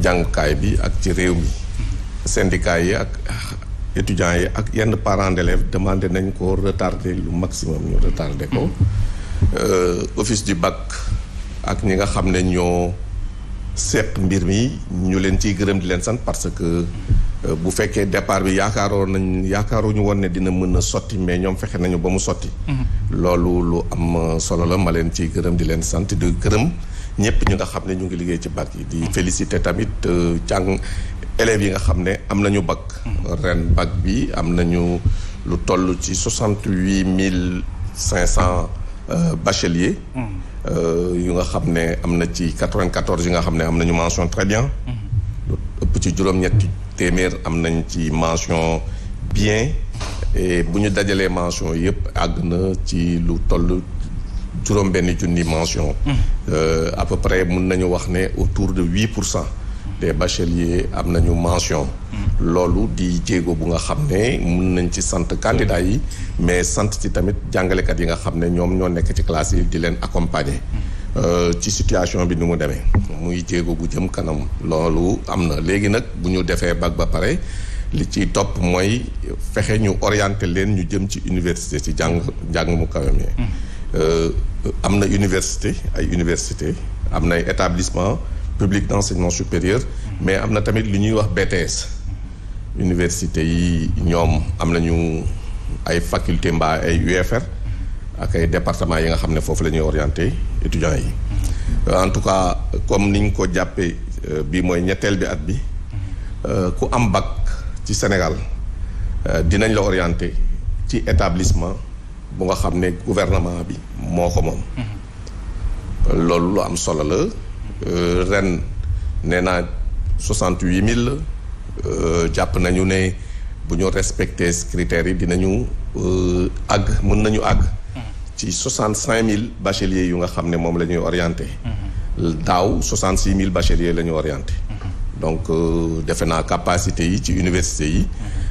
jàngukaay bi ak ci réew mi syndicat yi ak étudiants yi ak yenn parents d'élèves demandé nañ ko retarder lu maximum ñu retardé ko euh, office du bac ak ñi nga xam ne ñoo seq mbir mi ñu leen ciy gërëm di leen sant parce que euh, bu fekkee départ bi yaakaaroo nañ yaakaaruñu woon ne dina mën a sotti mais ñoom fexe nañu ba mu sotti mm-hmm. loolu lu am solo la ma leen ciy gërëm di leen sant di gërëm ñëpp ñi nga xam ne ñu ngi liggéey ci bac yi di félicité tamit jàng euh, élèves yi nga xam ne am nañu bag ren bac bi am nañu lu toll ci soixante huit mille cinq cent euh, bacheliers euh, yu nga xam ne am na ci quatre vingt quatorze yi nga xam ne am nañu mention très bien ëpp ci juróom-ñetti téeméer am nañ ci mention bien et bu ñu dajalee mention yëpp àgg na ci lu toll juróom benn junni mention hmm. euh, à peu près mun nañu wax ne autour de huit pour cent des bacheliers am na ñu mention hmm. loolu di jéego bu nga xam ne mun nañ ci sant candidat yi mais sant ci tamit jàngalekat yi nga xam ne ñoom ñoo nekk ci classe yi di leen accompagner hmm. euh, ci situation bi ni mu demee muy jéego bu jëm kanam loolu am na léegi nag bu ñu defee bag ba pare li ci topp mooy fexe ñu orienter leen ñu jëm ci université ci jàng jàng mu kawe Euh, am na université ay université am na ay établissement public d'enseignement supérieur mais am na tamit lu ñuy wax BTS université yi ñoom am nañu ay faculté mbaa ay UFR ak ay département yi nga xam ne foofu la ñuy orienté étudiants yi euh, en tout cas comme niñ ko jàppee euh, bii mooy ñetteel bi at bi ku am bac ci Sénégal dinañ la orienté ci établissement bu nga xam ne gouvernement bi moo ko moom loolu lu am solo la euh, ren nee naa soixante huit mille la euh, jàpp nañu ne bu ñu respecté critères yi dinañu euh, àgg mën nañu àgg ci soixante cinq mille bacheliers yu nga xam ne moom la ñuy orienté daaw soixante six mille bacheliers la ñu orienté mm-hmm. donc defe naa capacité yi ci université yi mm-hmm.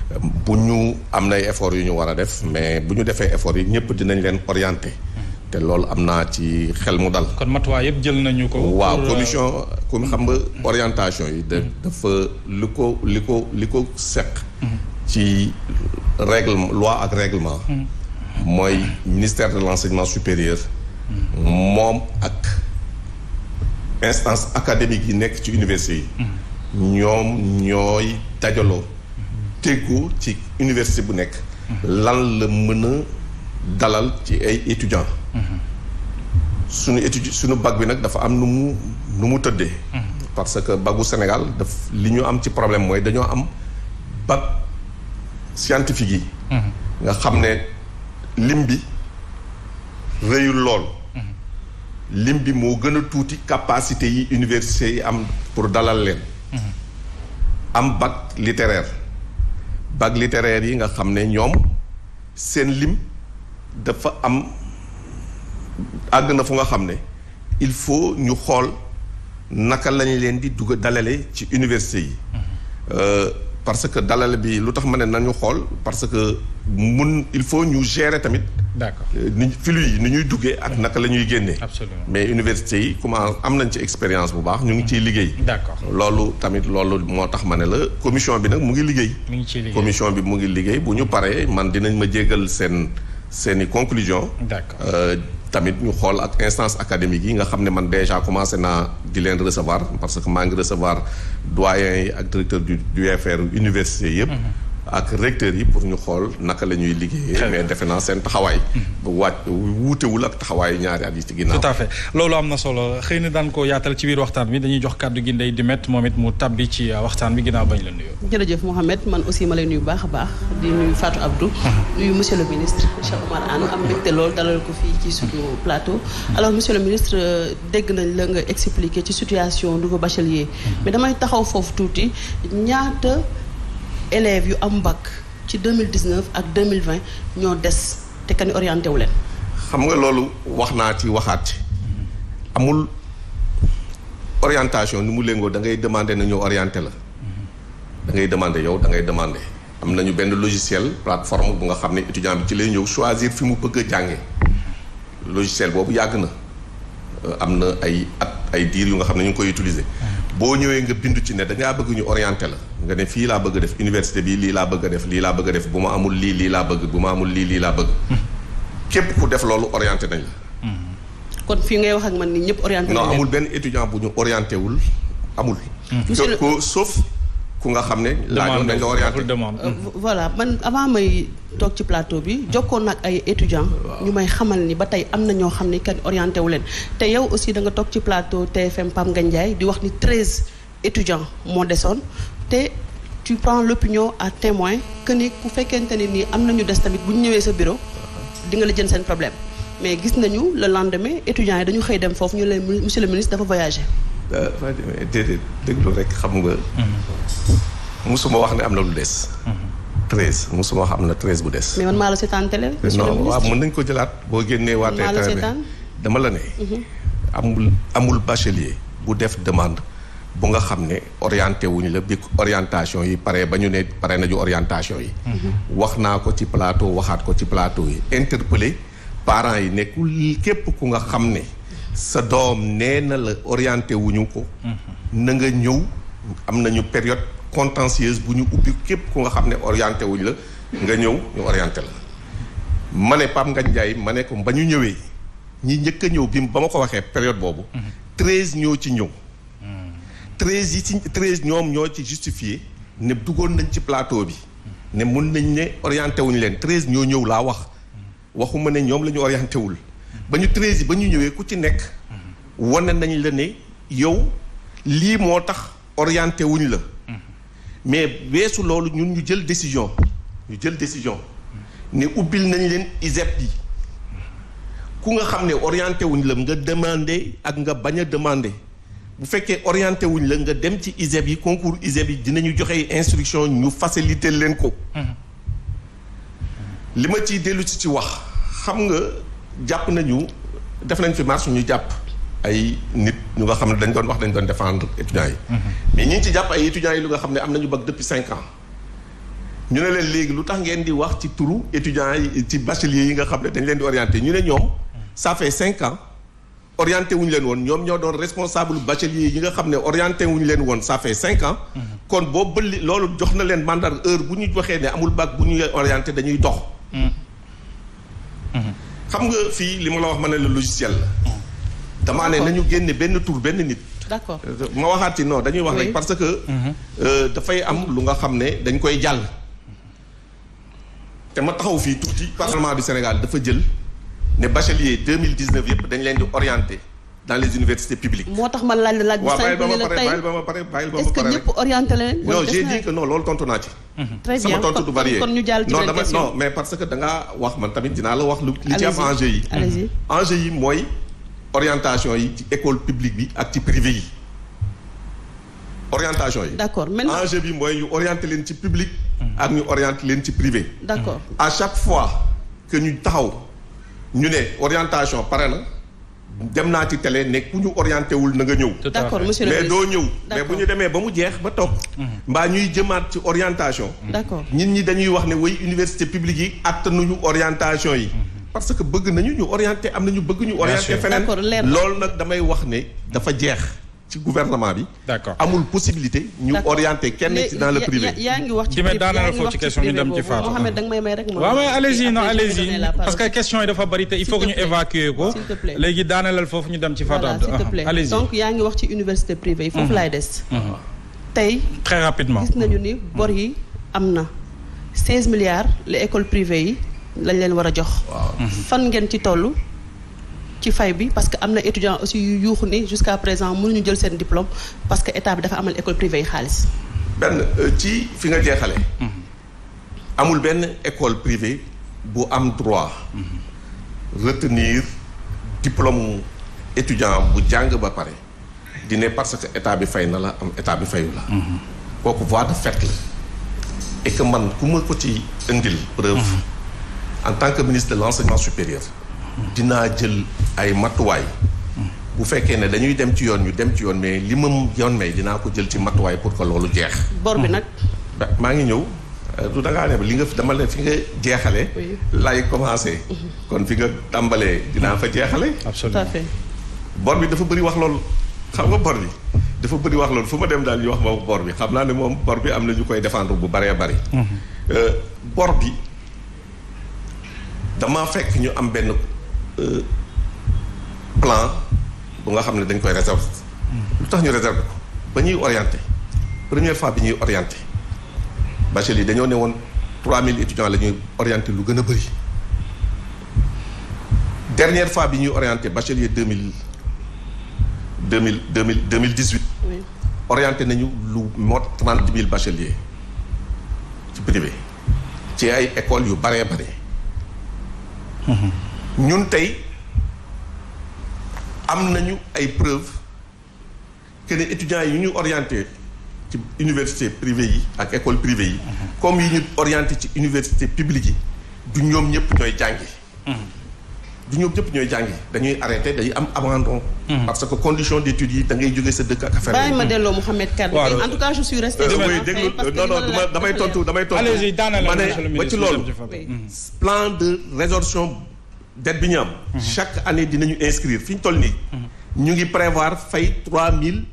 bu ñu am nay effort yu ñu war a def mais bu ñu defee effort yi ñëpp dinañ leen orienté te loolu am naa ci xel mu dal. kon matuwaay yëpp jël nañu ko. waaw euh, commission comme xam nga mm-hmm. orientation yi. Mm-hmm. dafa li ko li ko li ko seq. Mm-hmm. ci règle loi ak règlement. mooy ministère de l'enseignement supérieur. moom ak instance académique yi nekk ci université yi. ñoom ñooy dajaloo. tegoo ci université bu nekk. lan la mën a dalal ci ay étudiants. suñu étude suñu bac bi nag dafa am nu mu nu mu tëddee. parce que bagu Sénégal daf li ñu am ci problème mooy dañoo am bac scientifique yi. nga xam ne lim bi rëyul lool. lim bi moo gën a tuuti capacité yi université yi am pour dalal leen. am bac littéraire. bac littéraire yi nga xam ne ñoom seen lim dafa am àgg na fu nga xam ne il faut ñu xool naka lañ leen di dugg dalale ci université yi. Mm-hmm. Euh, parce que dalal bi lu tax ma ne nañu xool parce que mun il faut ñu gérer tamit. d'accord euh, ni flux yi ni ñuy duggee ak naka la ñuy génnee. absolument mais université yi commence am nañ ci expérience bu baax ñu ngi ciy liggéey. d'accord loolu tamit loolu moo tax ma ne la commission bi nag mu ngi liggéey. mu ngi ciy liggéey commission bi mu ngi liggéey bu ñu paree man dinañ ma jéggal seen seeni conclusion. d'accord. Euh, tamit ñu xool ak instance académique yi nga xam ne man déjà commencé naa di leen recevoir parce que maa ngi recevoir doyen yi ak directeur du UFR université yëpp. Mm-hmm. ak recteur yi pour ñu xool naka la ñuy liggéeyee. mais defe naa seen taxawaay. Mm-hmm. bu waaj wuutewul ak taxawaayu ñaari at yi ci ginnaaw. tout loolu am na solo xëy na daan ko yaatal ci biir waxtaan bi dañuy jox kàddu gi Ndeye Dimet moom it mu tabbi ci euh, waxtaan bi ginnaaw bañ la nuyoo. jërëjëf Mouhamed man aussi ma lay nuyu baax a baax di nuyu Fatou Abdou. Mm-hmm. nuyu monsieur le ministre Cheikh Oumar Anne am mbégte loolu dalal ko fii ci suñu plateau. Mm-hmm. alors monsieur le ministre euh, dégg nañ la nga expliqué ci situation nouveau bachelier. mais damay taxaw foofu tuuti ñaata. élèves yu am bac ci 2019 ak 2020 ñoo des te kenn orienté wu leen. xam nga loolu wax naa ci waxaat amul orientation ni mu léngoo da ngay demander na ñu la dangay ngay demander yow dangay ngay demander. am nañu benn logiciel plateforme bu nga xam ne étudiant bi ci lay ñëw choisir fi mu bëgg jànge jàngee boobu yàgg na euh, am na ay at ay diir yu nga xam ne ñu ngi koy utiliser. Mm-hmm. boo ñëwee nga bindu ci ne da bëgguñu bëgg la. nga ne fii laa bëgg def université bi lii laa bëgg a def lii laa bëgg a def bu ma amul lii lii laa bëgg bu amul lii lii bëgg. képp ku def loolu orienté nañ kon fii ngay wax ak man ni ñëpp orienté non amul benn étudiant bu ñu orienté wul amul. ko hmm. soof ku nga xam ne. laajoon nañ la orienté euh, voilà man avant may toog ci plateau bi jokkoon nag ay étudiants. ñu may xamal ni ba tey am na ñoo xam ne kenn orienté wu leen. te yow aussi da nga toog ci plateau TFM Pape nga Ndiaye di wax ni treize étudiants moo desoon. te tu prends l'opinion à témoin que ni ku fekkente ne nii am nañu des tamit bu ñu ñëwee sa bureau di nga la jën seen problème mais gis nañu le lendemain étudiants yi dañu xëy dem foofu ñu leen monsieur le ministre dafa voyagé. dafa euh, déedéet déglu rek xam nga. Mhm. musuma wax ne am na lu des. Mhm. treize musuma wax am na treize bu des. mais man maa la seetaan télé. monsieur le ministre non waaw mën nañu ko jëlaat boo génnee. waatee dama la ne. Mhm. amul amul bachelier bu def demande. bu nga xam ne orienté wuñu la bi orientation yi pare ba ñu ne pare nañu orientation yi mhm. wax naa ko ci palateau waxaat ko ci plateau yi interpellé parents yi nekkul képp ku nga xam ne sa doom nee na la orienté wuñu ko mhm. na nga ñëw am nañu période contentieuse bu ñu ubbi képp ku nga xam ne orienté wuñu la nga ñëw ñu orienté la ma ne Pape nga Ndiaye ma ne ko ba ñu ñëwee ñi njëkk a ñëw bi ba ma ko waxee période boobu mhm. treize ñoo ci ñëw treize yi ci treize ñoom ñoo ci justifié ne duggoon nañ ci plateau bi ne mun nañ ne orienté wuñ leen treize ñoo ñëw laa wax waxuma ne ñoom la ñu orienté wul ba ñu treize yi ba ñu ñëwee ku ci nekk wane nañ la ne yow lii moo tax orienté wuñ la mais beesu loolu ñun ñu jël décision ñu jël décision ne ubbil nañ leen ISEP yi ku nga xam ne orienté wuñ la nga demandé ak nga bañ a demandé bu fekkee orienté wuñ la nga dem ci ISEP yi concours ISEP yi dinañu joxe instruction ñu faciliter leen ko. li ma ciy dellu si ci wax xam nga jàpp nañu def nañ fi marche ñu jàpp ay nit ñu nga xam ne dañ doon wax dañ doon défendre étudiants yi. Mhm. mais ñi ci jàpp ay étudiants yi lu nga xam ne am nañu bac depuis cinq ans. ñu ne leen léegi lu tax ngeen di wax ci turu étudiants yi ci bacheliers yi nga xam ne dañ leen di orienté ñu ne ñoom ça fait cinq ans. orienté wuñu leen woon ñoom ñoo doon responsable bachelier yi nga xam ne orienté wuñu leen woon ça fait cinq ans. kon boo bëlli loolu jox na leen mandat heure bu ñu waxee ne amul bag bu ñu orienté dañuy dox. xam nga fii li ma la wax ma ne la logiciel la. damaa ne nañu génne benn tur benn nit. d'accord ma waxaat ci non dañuy wax rek parce que. Mhm. Euh, dafay am lu nga xam ne dañ koy jàll. te ma taxaw fii tuuti parlement du Sénégal dafa jël. ne bachelier 2019 yëpp dañ leen di orienté dans les universités publiques. moo tax ma laaj la laaj. waaw bàyyil ba ma pare bàyyil ba ma pare bàyyil ba ma pare est-ce que ñëpp orienté leen. non j'ai dit que non loolu tontu naa ci. Mhm. très bien sama tontu du varié kon ñu jàll ci non dama non mais parce que da ngaa wax man tamit dinaa la wax lu. li ci am enjeu yi. Mhm. enjeu yi mooy orientation yi ci école publique bi ak ci privé yi orientation yi. d'accord maintenant enjeu bi mooy ñu orienté leen ci public. Mhm. ak ñu orienté leen ci privé. d'accord à chaque fois que ñu taxaw. ñu ne orientation pare na dem naa ci télé ne ku ñu orienté wul na nga ñëw. d'accord monsieur le mais doo ñëw. mais bu ñu demee ba mu jeex ba toog. Mhm. mbaa ñuy jëmaat ci orientation. d'accord nit ñi dañuy wax ne way université publique yi attanuñu orientation yi. Mhm. parce que bëgg nañu ñu orienté am na ñu bëgg ñu. orienté feneen loolu nag damay wax ne dafa jeex. ci gouvernement bi. d'accord amul possibilité. ñu orienter kenn ci dans le privé. yaa ngi wax ci privé yaa ngi wax ci danga may may rek. waaw mais allez-y non allez-y parce que question yi dafa bari te il faut que ñu évacuer ko. léegi daanelal foofu ñu dem ci Fatou. voilà s'il ah, yaa ngi wax ci université privée yi foofu laay des. tey. très rapidement gis nañu ni bor yi am na. 16 milliards les école privées yi lañ leen war a jox. fan ngeen ci toll. ci fay bi parce que am na étudiant aussi yu yuuxu ni jusqu'à présent ñu jël seen diplôme parce que état bi dafa amal école privée yi xaalis benn euh, ci fi nga jeexale mm-hmm. amul benn école privée bu am droit mm-hmm. retenir diplôme étudiant bu jàng ba pare di parce que état bi fay na la am état bi fayu la mm-hmm. kooku voie de fait la et que man ku ma ko ci indil preuve en tant que ministre de l'enseignement supérieur dinaa jël ay matuwaay bu fekkee ne dañuy dem ci yoon ñu dem ci yoon mais li ma yoon may dinaa ko jël ci matuwaay pour que loolu jeex. bor bi nag. maa ngi ñëw euh, du dangaa ne li nga dama leen fi nga jeexale lay commencé. Mhm. kon fi nga tàmbalee dinaa fa jeexale absolument bor bi dafa bëri wax loolu xam nga bor bi dafa bëri wax loolu fu ma dem daal ñu wax ma bor bi xam naa ne moom bor bi am na ñu koy défendre bu baree bari. Mhm. Euh, bor bi dama fekk ñu am benn. Euh, plan bu nga xam ne dañ koy réserver. lu tax ñu réserver ko ba ñuy orienté première fois bi ñuy orienté bachelier yi dañoo ne woon 3000 étudiants la ñuy orienté lu gën a bëri. dernière fois bi ñuy orienté bachelier 2000 2000 2000 2018. oui orienté nañu lu mot 30 000 bacheliers ci privé ci ay écoles yu baree bare. Mhm. ñun tey. am nañu ay preuves que ne étudiants yi ñu orienté ci université privée yi ak école privée yi. comme yi ñu orienté ci université publique yi du ñoom ñëpp ñoom ñëpp ñooy jàngi dañuy arrêté dañuy am abandon. Mhm. parce que condition d' études yi da ngay jógee sa dëkk ak affaire bàyyi ma delloo Mouhamed Kaddu en tout cas je suis euh, damay tontu damay tontu. ma ne ba ci loolu. plan de résorption. dette bi ñu am. chaque année dinañu inscrire fi ñu toll nii. ñu ngi prévoir fay trois mille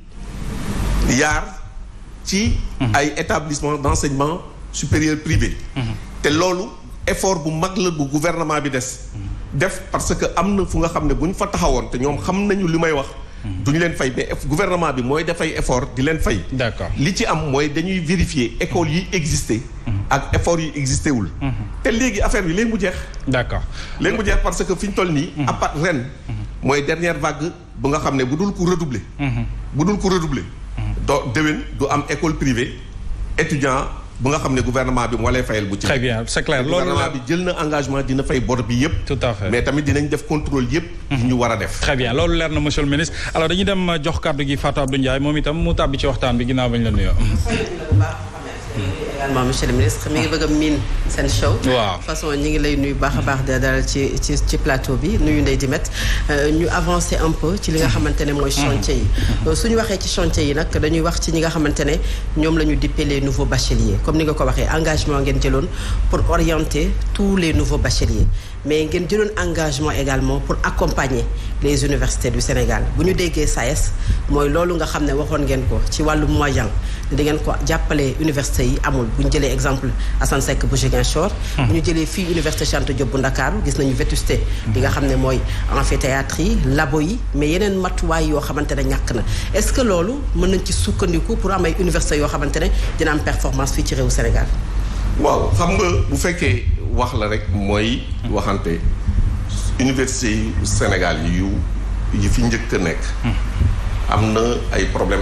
milliards ci. ay établissement d' enseignement supérieur privé. te loolu effort bu mag la bu gouvernement bi des. def parce que am na fu nga xam ne buñ fa taxawoon te ñoom xam nañu li may wax. Mhm. duñ leen fay mais gouvernement bi mooy dafay effort di leen fay. d'accord li ci am mooy dañuy vérifier écoles yi existé. Mhm. ak effort yi existé mhm. te léegi affaire bi léegi mu jeex. léegi mu jeex parce que fi ñu toll nii. à ren. mooy dernière vague bu nga xam ne bu dul ko redoubler. bu dul ko redoubler. doo déwén du am école privée étudiant. bu nga xam ne gouvernement bi moo lay fayal bu ci. très bien gouvernement bi jël na engagement dina fay bor bi yëpp. tout à fait mais tamit dinañ def contrôle yëpp. yu ñu war a def. très bien loolu leer na monsieur le ministre alors dañuy dem jox kàddu gi Fatou Abdou Ndiaye moom itam mu tàbbi ci waxtaan bi ginnaaw bañ la nuyoo. également monsieur le ministre mi ngi bëgg a miin seen show. waaw façon ñi ngi lay nuyu baax a baax di dalal ci ci ci plateau bi nuyu Ndeye Dimet euh, ñu avancer un peu ci li nga xamante ne mooy chantier yi euh, suñu waxee ci chantier yi nag dañuy wax ci ñi nga xamante ne ñoom la ñu dippee les nouveaux bacheliers comme ni nga ko waxee engagement ngeen jëloon pour orienter tous les nouveaux bacheliers mais ngeen jëloon engagement également pour accompagner les universités du Sénégal bu ñu déggee SAES e mooy loolu nga xam ne waxoon ngeen ko ci wàllu moyen ne ngeen ko jàppale université yi amul bu ñu jëlee exemple Assane Seck bu Ziguinchor hmm. bu ñu jëlee fii université Cheikh Anta Diop bu Ndakaaru gis nañu vétusté li hmm. nga xam ne mooy amphithéâtre yi labo yi mais yeneen matuwaay yoo xamante ne ñàkk na est-ce que loolu mën nañ ci sukkandiku pour am ay université yoo xamante ne dina am performance fii ci réew Sénégal waaw xam nga bu fekkee wax la rek mooy waxante université yu Sénégal yu yi fi njëkk a nekk hmm. am na ay problème